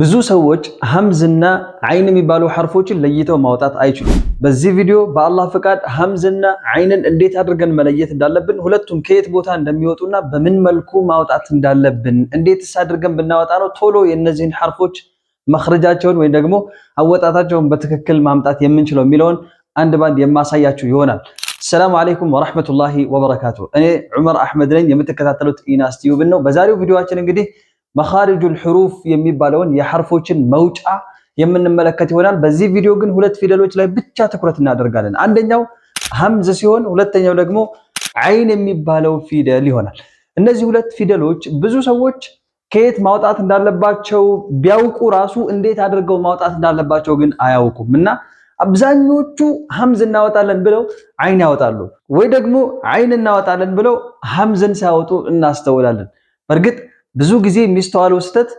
ብዙ ሰዎች ሐምዝና አይን የሚባሉ ሐርፎችን ለይተው ማውጣት አይችሉም። በዚህ ቪዲዮ በአላህ ፍቃድ ሐምዝና አይንን እንዴት አድርገን መለየት እንዳለብን፣ ሁለቱም ከየት ቦታ እንደሚወጡና በምን መልኩ ማውጣት እንዳለብን፣ እንዴትስ አድርገን ብናወጣ ነው ቶሎ የእነዚህን ሐርፎች መክረጃቸውን ወይም ደግሞ አወጣታቸውን በትክክል ማምጣት የምንችለው የሚለውን አንድ ባንድ የማሳያችሁ ይሆናል። ሰላሙ አለይኩም ወራህመቱላሂ ወበረካቱ። እኔ ዑመር አህመድ ነኝ። የምትከታተሉት ኢናስ ቲዩብን ነው። በዛሬው ቪዲዮአችን እንግዲህ መኻሪጁል ሑሩፍ የሚባለውን የሐርፎችን መውጫ የምንመለከት ይሆናል። በዚህ ቪዲዮ ግን ሁለት ፊደሎች ላይ ብቻ ትኩረት እናደርጋለን። አንደኛው ሐምዝ ሲሆን ሁለተኛው ደግሞ ዓይን የሚባለው ፊደል ይሆናል። እነዚህ ሁለት ፊደሎች ብዙ ሰዎች ከየት ማውጣት እንዳለባቸው ቢያውቁ ራሱ እንዴት አድርገው ማውጣት እንዳለባቸው ግን አያውቁም እና አብዛኞቹ ሐምዝ እናወጣለን ብለው ዓይን ያወጣሉ፣ ወይ ደግሞ ዓይን እናወጣለን ብለው ሐምዝን ሲያወጡ እናስተውላለን። በእርግጥ ብዙ ጊዜ የሚስተዋለው ስህተት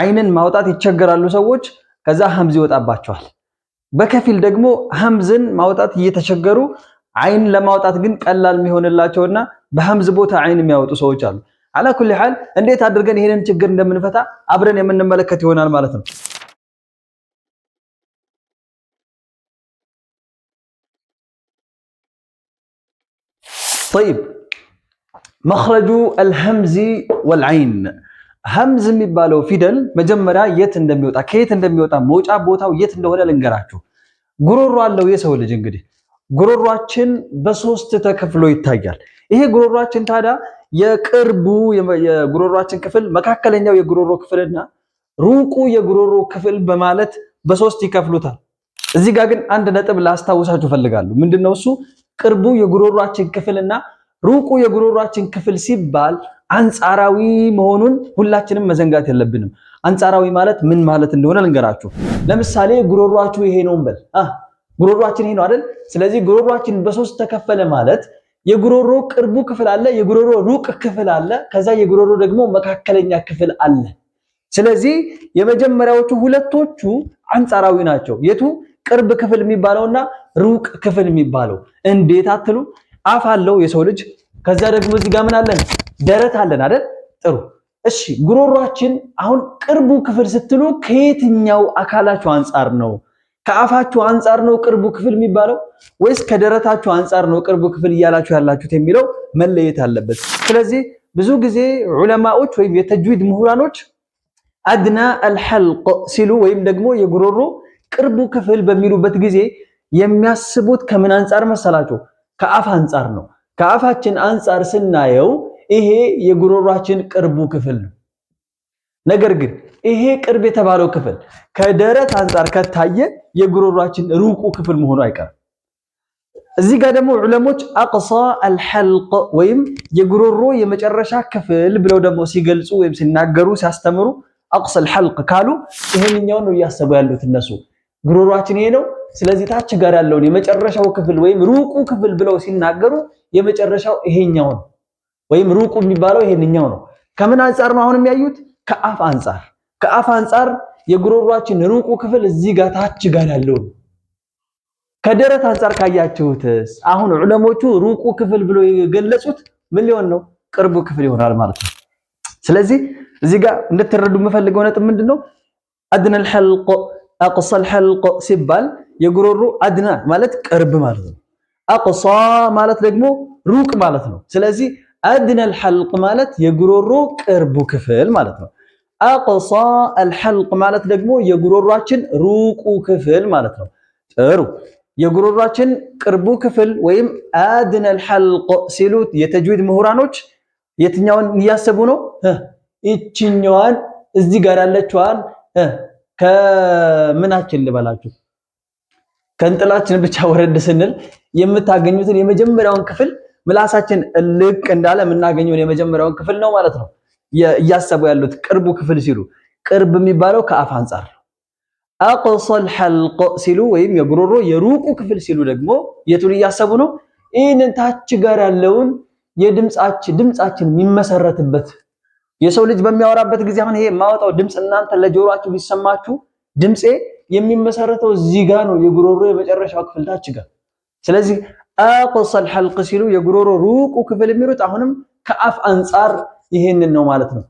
አይንን ማውጣት ይቸገራሉ ሰዎች፣ ከዛ ሀምዝ ይወጣባቸዋል። በከፊል ደግሞ ሀምዝን ማውጣት እየተቸገሩ አይን ለማውጣት ግን ቀላል የሚሆንላቸውና በሀምዝ ቦታ አይን የሚያወጡ ሰዎች አሉ። አላ ኩል ሐል እንዴት አድርገን ይሄንን ችግር እንደምንፈታ አብረን የምንመለከት ይሆናል ማለት ነው። ጠይብ መክረጁ አልሀምዚ ወልዐይን ሀምዝ የሚባለው ፊደል መጀመሪያ የት እንደሚወጣ ከየት እንደሚወጣ መውጫ ቦታው የት እንደሆነ ልንገራችሁ። ጉሮሮ አለው የሰው ልጅ እንግዲህ ጉሮሯችን በሶስት ተከፍሎ ይታያል። ይሄ ጉሮሯችን ታዲያ የቅርቡ የጉሮሯችን ክፍል፣ መካከለኛው የጉሮሮ ክፍልና ሩቁ የጉሮሮ ክፍል በማለት በሶስት ይከፍሉታል። እዚህ ጋር ግን አንድ ነጥብ ላስታውሳችሁ ፈልጋለሁ። ምንድነው እሱ? ቅርቡ የጉሮሯችን ክፍልና ሩቁ የጉሮሯችን ክፍል ሲባል አንጻራዊ መሆኑን ሁላችንም መዘንጋት የለብንም። አንጻራዊ ማለት ምን ማለት እንደሆነ ልንገራችሁ። ለምሳሌ ጉሮሯችሁ ይሄ ነው እንበል። ጉሮሯችን ይሄ ነው አይደል? ስለዚህ ጉሮሯችን በሶስት ተከፈለ ማለት የጉሮሮ ቅርቡ ክፍል አለ፣ የጉሮሮ ሩቅ ክፍል አለ፣ ከዛ የጉሮሮ ደግሞ መካከለኛ ክፍል አለ። ስለዚህ የመጀመሪያዎቹ ሁለቶቹ አንጻራዊ ናቸው። የቱ ቅርብ ክፍል የሚባለውና ሩቅ ክፍል የሚባለው እንዴት አትሉ? አፍ አለው የሰው ልጅ። ከዛ ደግሞ እዚህ ጋር ምን አለን? ደረት አለን አይደል? ጥሩ እሺ። ጉሮሯችን አሁን ቅርቡ ክፍል ስትሉ ከየትኛው አካላችሁ አንጻር ነው? ከአፋችሁ አንጻር ነው ቅርቡ ክፍል የሚባለው ወይስ ከደረታችሁ አንጻር ነው ቅርቡ ክፍል እያላችሁ ያላችሁት የሚለው መለየት አለበት። ስለዚህ ብዙ ጊዜ ዑለማዎች ወይም የተጅዊድ ምሁራኖች አድና አልሐልቅ ሲሉ ወይም ደግሞ የጉሮሮ ቅርቡ ክፍል በሚሉበት ጊዜ የሚያስቡት ከምን አንጻር መሰላችሁ? ከአፍ አንጻር ነው። ከአፋችን አንጻር ስናየው ይሄ የጉሮሯችን ቅርቡ ክፍል ነው። ነገር ግን ይሄ ቅርብ የተባለው ክፍል ከደረት አንጻር ከታየ የጉሮሯችን ሩቁ ክፍል መሆኑ አይቀርም። እዚህ ጋር ደግሞ ዑለሞች አቅሳ አልሐልቅ ወይም የጉሮሮ የመጨረሻ ክፍል ብለው ደግሞ ሲገልጹ ወይም ሲናገሩ ሲያስተምሩ አቅሳ አልሐልቅ ካሉ ይሄንኛውን ነው እያሰቡ ያሉት እነሱ። ጉሮሯችን ይሄ ነው። ስለዚህ ታች ጋር ያለውን የመጨረሻው ክፍል ወይም ሩቁ ክፍል ብለው ሲናገሩ የመጨረሻው ይሄኛው ነው፣ ወይም ሩቁ የሚባለው ይሄንኛው ነው። ከምን አንጻር ነው አሁን የሚያዩት? ከአፍ አንጻር። ከአፍ አንጻር የጉሮሯችን ሩቁ ክፍል እዚህ ጋር ታች ጋር ያለው ከደረት አንጻር ካያችሁትስ አሁን ዑለሞቹ ሩቁ ክፍል ብሎ የገለጹት ምን ሊሆን ነው? ቅርቡ ክፍል ይሆናል ማለት ነው። ስለዚህ እዚህ ጋር እንድትረዱ የምፈልገው ነጥብ ምንድነው? አድነል ሐልቅ አቅሰል ሐልቅ ሲባል የጉሮሮ አድና ማለት ቅርብ ማለት ነው። አቅሷ ማለት ደግሞ ሩቅ ማለት ነው። ስለዚህ አድና አልሐልቅ ማለት የጉሮሮ ቅርቡ ክፍል ማለት ነው። አቅሷ አልሐልቅ ማለት ደግሞ የጉሮሯችን ሩቁ ክፍል ማለት ነው። ጥሩ የጉሮሯችን ቅርቡ ክፍል ወይም አድና አልሐልቅ ሲሉት የተጅዊድ ምሁራኖች የትኛውን እያሰቡ ነው? ይችኛዋን እዚህ ጋር ያለችዋን ከምናችን ልበላችሁ ከንጥላችን ብቻ ወረድ ስንል የምታገኙትን የመጀመሪያውን ክፍል ምላሳችን ልቅ እንዳለ የምናገኘውን የመጀመሪያውን ክፍል ነው ማለት ነው። እያሰቡ ያሉት ቅርቡ ክፍል ሲሉ ቅርብ የሚባለው ከአፍ አንጻር ነው። አቅሶል ሲሉ ወይም የጉሮሮ የሩቁ ክፍል ሲሉ ደግሞ የቱን እያሰቡ ነው? ይህንን ታች ጋር ያለውን የድምጻችን ድምጻችን የሚመሰረትበት የሰው ልጅ በሚያወራበት ጊዜ አሁን ይሄ የማወጣው ድምፅ እናንተ ለጆሮአችሁ ቢሰማችሁ ድምፄ የሚመሰረተው እዚህ ጋር ነው፣ የጉሮሮ የመጨረሻው ክፍል ታች ጋር። ስለዚህ አቆሰል ሐልቅ ሲሉ የጉሮሮ ሩቁ ክፍል የሚሉት አሁንም ከአፍ አንጻር ይህንን ነው ማለት ነው።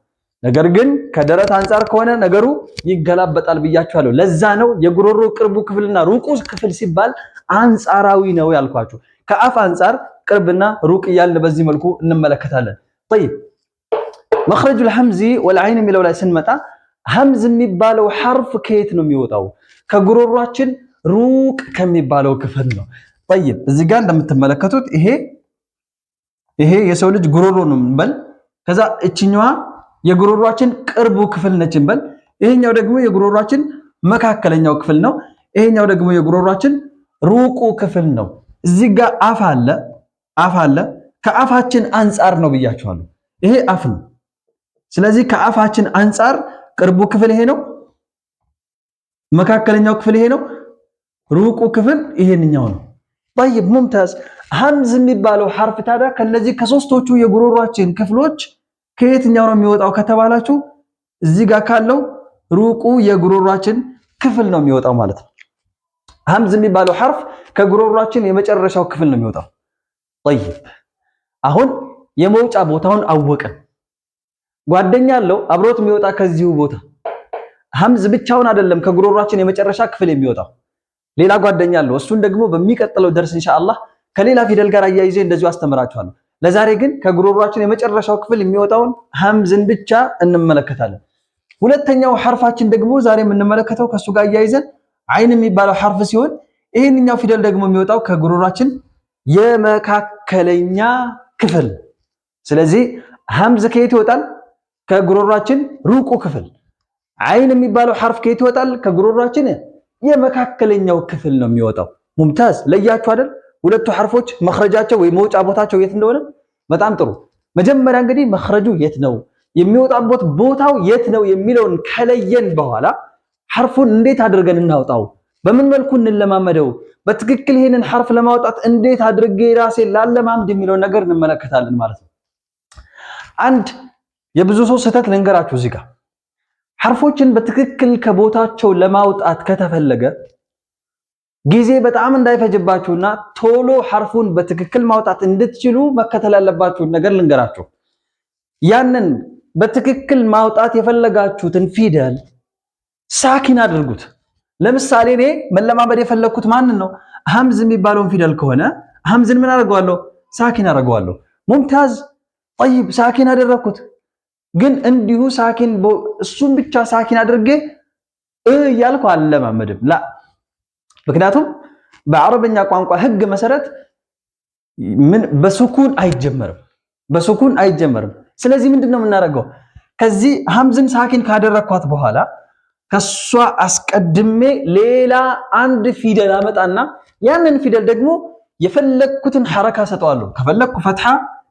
ነገር ግን ከደረት አንጻር ከሆነ ነገሩ ይገላበጣል ብያችኋለሁ። ለዛ ነው የጉሮሮ ቅርቡ ክፍልና ሩቁ ክፍል ሲባል አንጻራዊ ነው ያልኳችሁ። ከአፍ አንጻር ቅርብና ሩቅ እያልን በዚህ መልኩ እንመለከታለን። ጠይብ መክረጁል ሐምዚ ወልዐይን የሚለው ላይ ስንመጣ ሐምዝ የሚባለው ሐርፍ ከየት ነው የሚወጣው? ከጉሮሯችን ሩቅ ከሚባለው ክፍል ነው። ጠይብ እዚህ ጋር እንደምትመለከቱት ይሄ ይሄ የሰው ልጅ ጉሮሮ ነው እንበል። ከዛ እችኛዋ የጉሮሯችን ቅርቡ ክፍል ነች እንበል። ይሄኛው ደግሞ የጉሮሯችን መካከለኛው ክፍል ነው። ይሄኛው ደግሞ የጉሮሯችን ሩቁ ክፍል ነው። እዚህ ጋር አፍ አለ አፍ አለ። ከአፋችን አንጻር ነው ብያችኋለሁ። ይሄ አፍ ነው። ስለዚህ ከአፋችን አንጻር ቅርቡ ክፍል ይሄ ነው። መካከለኛው ክፍል ይሄ ነው። ሩቁ ክፍል ይሄንኛው ነው። ጠይብ ሙምታዝ። ሀምዝ የሚባለው ሐርፍ ታዲያ ከነዚህ ከሶስቶቹ የጉሮሯችን ክፍሎች ከየትኛው ነው የሚወጣው ከተባላችሁ እዚህ ጋር ካለው ሩቁ የጉሮሯችን ክፍል ነው የሚወጣው ማለት ነው። ሀምዝ የሚባለው ሐርፍ ከጉሮሯችን የመጨረሻው ክፍል ነው የሚወጣው። ጠይብ አሁን የመውጫ ቦታውን አወቅን። ጓደኛ አለው አብሮት የሚወጣ ከዚሁ ቦታ ሀምዝ ብቻውን አይደለም ከጉሮሯችን የመጨረሻ ክፍል የሚወጣው ሌላ ጓደኛ አለው። እሱን ደግሞ በሚቀጥለው ደርስ ኢንሻአላህ ከሌላ ፊደል ጋር አያይዜ እንደዚሁ አስተምራችኋለሁ። ለዛሬ ግን ከጉሮሯችን የመጨረሻው ክፍል የሚወጣውን ሀምዝን ብቻ እንመለከታለን። ሁለተኛው ሐርፋችን ደግሞ ዛሬ የምንመለከተው ከሱ ጋር አያይዘን አይን የሚባለው ሐርፍ ሲሆን ይህንኛው ፊደል ደግሞ የሚወጣው ከጉሮሯችን የመካከለኛ ክፍል። ስለዚህ ሀምዝ ከየት ይወጣል? ከጉሮሯችን ሩቁ ክፍል አይን የሚባለው ሐርፍ ከየት ይወጣል? ከጉሮሯችን የመካከለኛው ክፍል ነው የሚወጣው። ሙምታዝ ለያችሁ አይደል? ሁለቱ ሐርፎች መክረጃቸው ወይ መውጫ ቦታቸው የት እንደሆነ። በጣም ጥሩ። መጀመሪያ እንግዲህ መኽረጁ የት ነው የሚወጣበት ቦታው የት ነው የሚለውን ከለየን በኋላ ሐርፉን እንዴት አድርገን እናውጣው፣ በምን መልኩ እንለማመደው፣ በትክክል ይህንን ሐርፍ ለማውጣት እንዴት አድርጌ ራሴ ላለማምድ የሚለውን ነገር እንመለከታለን ማለት ነው። አንድ የብዙ ሰው ስህተት ልንገራችሁ እዚህ ጋር ሐርፎችን በትክክል ከቦታቸው ለማውጣት ከተፈለገ ጊዜ በጣም እንዳይፈጅባችሁና ቶሎ ሐርፉን በትክክል ማውጣት እንድትችሉ መከተል ያለባችሁን ነገር ልንገራችሁ። ያንን በትክክል ማውጣት የፈለጋችሁትን ፊደል ሳኪን አድርጉት። ለምሳሌ እኔ መለማመድ የፈለግኩት ማንን ነው? ሐምዝ የሚባለውን ፊደል ከሆነ ሐምዝን ምን አደርገዋለሁ? ሳኪን አደርገዋለሁ። ሙምታዝ ጠይብ፣ ሳኪን አደረግኩት። ግን እንዲሁ ሳኪን እሱም ብቻ ሳኪን አድርጌ እያልኩ አለማመድም ላ ምክንያቱም በአረበኛ ቋንቋ ህግ መሰረት ምን በሱኩን አይጀመርም፣ በሱኩን አይጀመርም። ስለዚህ ምንድነው የምናደርገው? ከዚህ ሀምዝን ሳኪን ካደረኳት በኋላ ከሷ አስቀድሜ ሌላ አንድ ፊደል አመጣና ያንን ፊደል ደግሞ የፈለግኩትን ሐረካ ሰጠዋለሁ። ከፈለግኩ ፈትሐ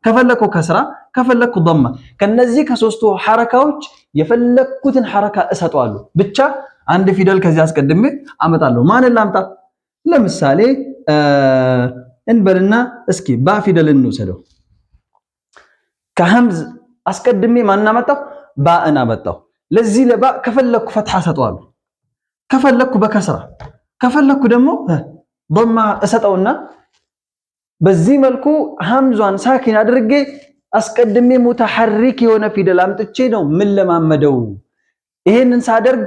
ከፈለኩ ከስራ ከፈለኩ ضማ ከነዚህ ከሶስቱ ሐረካዎች የፈለኩትን ሐረካ እሰጠዋለሁ። ብቻ አንድ ፊደል ከዚህ አስቀድሜ አመጣለሁ። ማንን ላምጣ? ለምሳሌ እንበልና እስኪ ባ ፊደል እንውሰደው። ከሐምዝ አስቀድሜ ማን አመጣሁ? ባእን አመጣሁ። ለዚህ ለባ ከፈለኩ ፈትሐ እሰጠዋለሁ፣ ከፈለኩ በከስራ ከፈለኩ ደግሞ ضማ እሰጠውና በዚህ መልኩ ሐምዟን ሳኪን አድርጌ አስቀድሜ ሙተሐሪክ የሆነ ፊደል አምጥቼ ነው ምን ለማመደው። ይሄንን ሳደርግ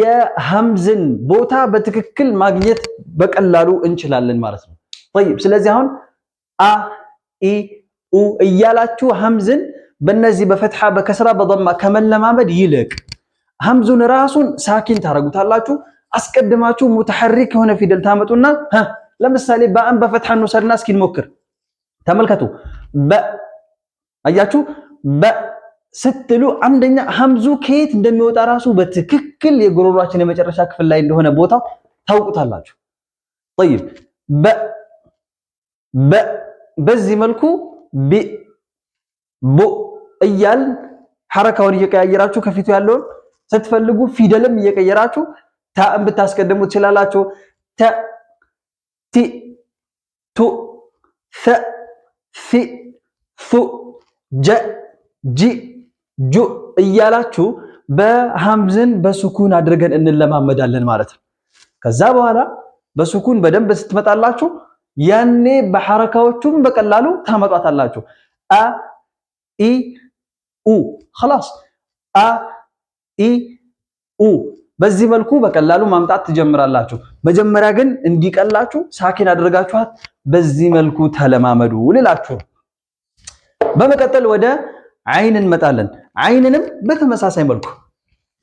የሐምዝን ቦታ በትክክል ማግኘት በቀላሉ እንችላለን ማለት ነው። ጠይብ፣ ስለዚህ አሁን አ ኢ ኡ እያላችሁ ሐምዝን በነዚህ በፈትሐ በከስራ በደማ ከመለማመድ ይልቅ ሐምዙን ራሱን ሳኪን ታረጉታላችሁ። አስቀድማችሁ ሙተሐሪክ የሆነ ፊደል ታመጡና ለምሳሌ ባእን በፈትሐ እንውሰድና እስኪ እንሞክር። ተመልከቱ። በ አያችሁ፣ በ ስትሉ አንደኛ ሀምዙ ከየት እንደሚወጣ ራሱ በትክክል የጉሮሯችን የመጨረሻ ክፍል ላይ እንደሆነ ቦታ ታውቁታላችሁ። ጠይብ በ በ በዚህ መልኩ ቢ ቡ እያል ሐረካውን እየቀያየራችሁ ከፊቱ ያለውን ስትፈልጉ ፊደልም እየቀየራችሁ ታእን ብታስቀድሙ ትችላላችሁ። ቲ ቱ ሰ ሲ ሱ ጀ ጂ ጁ እያላችሁ በሐምዝን በሱኩን አድርገን እንለማመዳለን ማለት ነው። ከዛ በኋላ በሱኩን በደንብ ስትመጣላችሁ ያኔ በሐረካዎቹም በቀላሉ ታመጧታላችሁ። አ ኢ ኡ ኸላስ አ ኢ ኡ በዚህ መልኩ በቀላሉ ማምጣት ትጀምራላችሁ። መጀመሪያ ግን እንዲቀላችሁ ሳኪን አድርጋችኋት በዚህ መልኩ ተለማመዱ ልላችሁ። በመቀጠል ወደ አይን እንመጣለን። አይንንም በተመሳሳይ መልኩ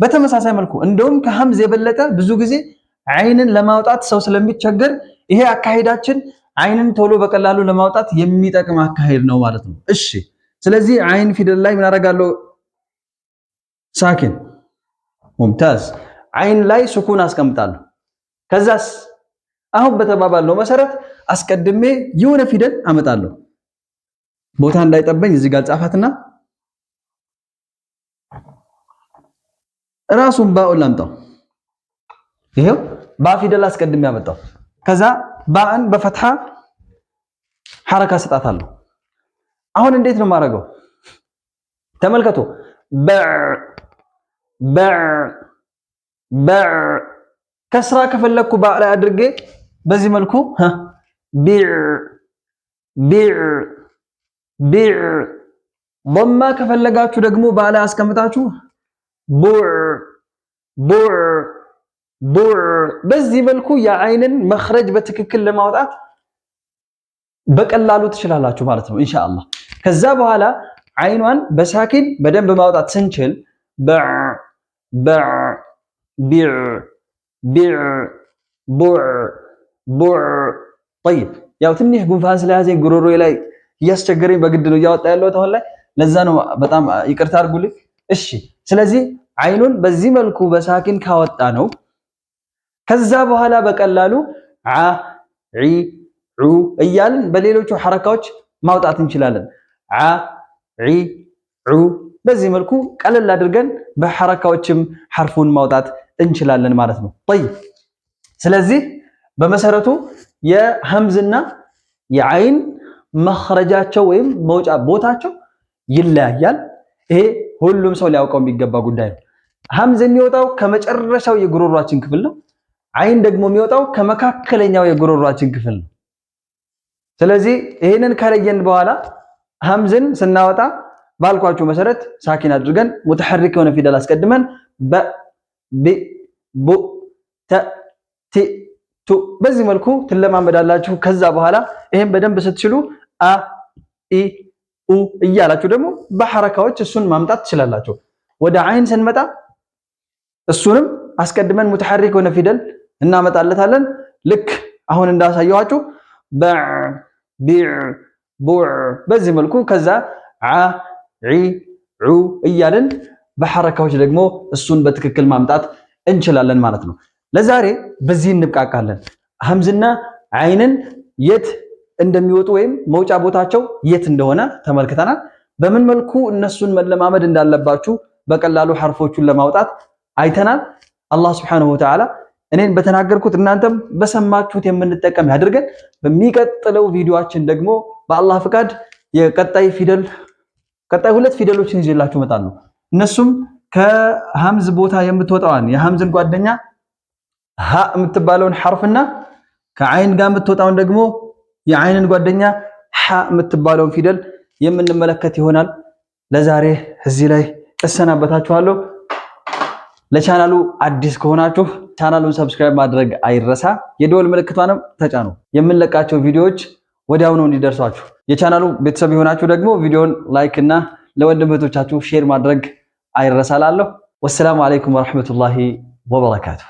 በተመሳሳይ መልኩ እንደውም ከሐምዝ የበለጠ ብዙ ጊዜ አይንን ለማውጣት ሰው ስለሚቸገር ይሄ አካሄዳችን አይንን ቶሎ በቀላሉ ለማውጣት የሚጠቅም አካሄድ ነው ማለት ነው። እሺ፣ ስለዚህ አይን ፊደል ላይ ምን አደርጋለሁ? ሳኪን ሙምታዝ አይን ላይ ሱኩን አስቀምጣለሁ። ከዛስ አሁን በተባባለው መሰረት አስቀድሜ የሆነ ፊደል አመጣለሁ። ቦታ እንዳይጠበኝ እዚህ ጋር ጻፋትና ራሱን ባኡን ላምጣው። ይሄው ባ ፊደል አስቀድሜ አመጣው። ከዛ ባን በፈትሃ ሐረካ ሰጣታለሁ። አሁን እንዴት ነው የማደርገው? ተመልከቱ በ በዕ ከስራ ከፈለግኩ ባዕ ላይ አድርጌ በዚህ መልኩ ቢዕ ቢዕ ቢዕ። ከፈለጋችሁ ደግሞ ባዕ ላይ አስቀምጣችሁ ቡዕ ቡዕ ቡዕ። በዚህ መልኩ የአይንን መክረጅ በትክክል ለማውጣት በቀላሉ ትችላላችሁ ማለት ነው ኢንሻአላህ። ከዛ በኋላ አይኗን በሳኪን በደንብ ማውጣት ስንችል በዕ በዕ ቢዕ ቢዕ ቡዕ ቡዕ ጠይብ። ያው ትንሽ ጉንፋን ስለያዘኝ ጉሮሮ ላይ እያስቸገረኝ በግድ ነው እያወጣ ያለሁት አሁን ላይ። ለዛ ነው በጣም ይቅርታ አድርጉልኝ። እሺ፣ ስለዚህ አይኑን በዚህ መልኩ በሳኪን ካወጣ ነው። ከዛ በኋላ በቀላሉ አ ዒ ዑ እያልን በሌሎቹ ሐረካዎች ማውጣት እንችላለን። አ ዒ ዑ በዚህ መልኩ ቀለል አድርገን በሐረካዎችም ሐርፉን ማውጣት እንችላለን ማለት ነው። ጠይብ ስለዚህ በመሰረቱ የሐምዝና የአይን መኽረጃቸው ወይም መውጫ ቦታቸው ይለያያል። ይሄ ሁሉም ሰው ሊያውቀው የሚገባ ጉዳይ ነው። ሐምዝ የሚወጣው ከመጨረሻው የጉሮሯችን ክፍል ነው። አይን ደግሞ የሚወጣው ከመካከለኛው የጉሮሯችን ክፍል ነው። ስለዚህ ይህንን ከለየን በኋላ ሐምዝን ስናወጣ ባልኳችሁ መሰረት ሳኪን አድርገን ሙተሐሪክ የሆነ ፊደል አስቀድመን ቢ ቡ ተ ቲ ቱ በዚህ መልኩ ትለማመዳላችሁ። ከዛ በኋላ ይህም በደንብ ስትችሉ አ ኢ ኡ እያላችሁ ደግሞ በሐረካዎች እሱን ማምጣት ትችላላችሁ። ወደ አይን ስንመጣ እሱንም አስቀድመን ሙተሐሪክ የሆነ ፊደል እናመጣለታለን። ልክ አሁን እንዳሳየኋችሁ በዕ ቢዕ ቡዕ በዚህ መልኩ ከዛ ዓ ዒ ዑ እያልን በሐረካዎች ደግሞ እሱን በትክክል ማምጣት እንችላለን ማለት ነው። ለዛሬ በዚህ እንብቃቃለን። ሐምዝና አይንን የት እንደሚወጡ ወይም መውጫ ቦታቸው የት እንደሆነ ተመልክተናል። በምን መልኩ እነሱን መለማመድ እንዳለባችሁ በቀላሉ ሐርፎቹን ለማውጣት አይተናል። አላህ ሱብሓነሁ ወተዓላ እኔን በተናገርኩት እናንተም በሰማችሁት የምንጠቀም ያድርገን። በሚቀጥለው ቪዲዮአችን ደግሞ በአላህ ፍቃድ የቀጣይ ፊደል ቀጣይ ሁለት ፊደሎችን ይዤላችሁ እመጣለሁ። እነሱም ከሀምዝ ቦታ የምትወጣዋን የሀምዝን ጓደኛ ሀ የምትባለውን ሐርፍና ከዓይን ጋር የምትወጣውን ደግሞ የአይንን ጓደኛ ሐ የምትባለውን ፊደል የምንመለከት ይሆናል። ለዛሬ እዚህ ላይ እሰናበታችኋለሁ። ለቻናሉ አዲስ ከሆናችሁ ቻናሉን ሰብስክራይብ ማድረግ አይረሳ። የደወል ምልክቷንም ተጫኑ። የምንለቃቸው ቪዲዮዎች ወዲያውኑ እንዲደርሷችሁ። የቻናሉ ቤተሰብ የሆናችሁ ደግሞ ቪዲዮን ላይክ እና ለወንድም እህቶቻችሁ ሼር ማድረግ አይረሳላለሁ። ወሰላሙ አለይኩም ወረሕመቱላሂ ወበረካቱ።